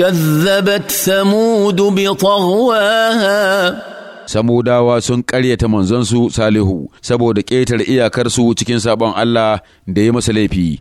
كذبت ثمود بطغواها Samudawa sun ƙaryata manzansu Salihu saboda ƙetare iyakarsu cikin sabon Allah da ya masa laifi.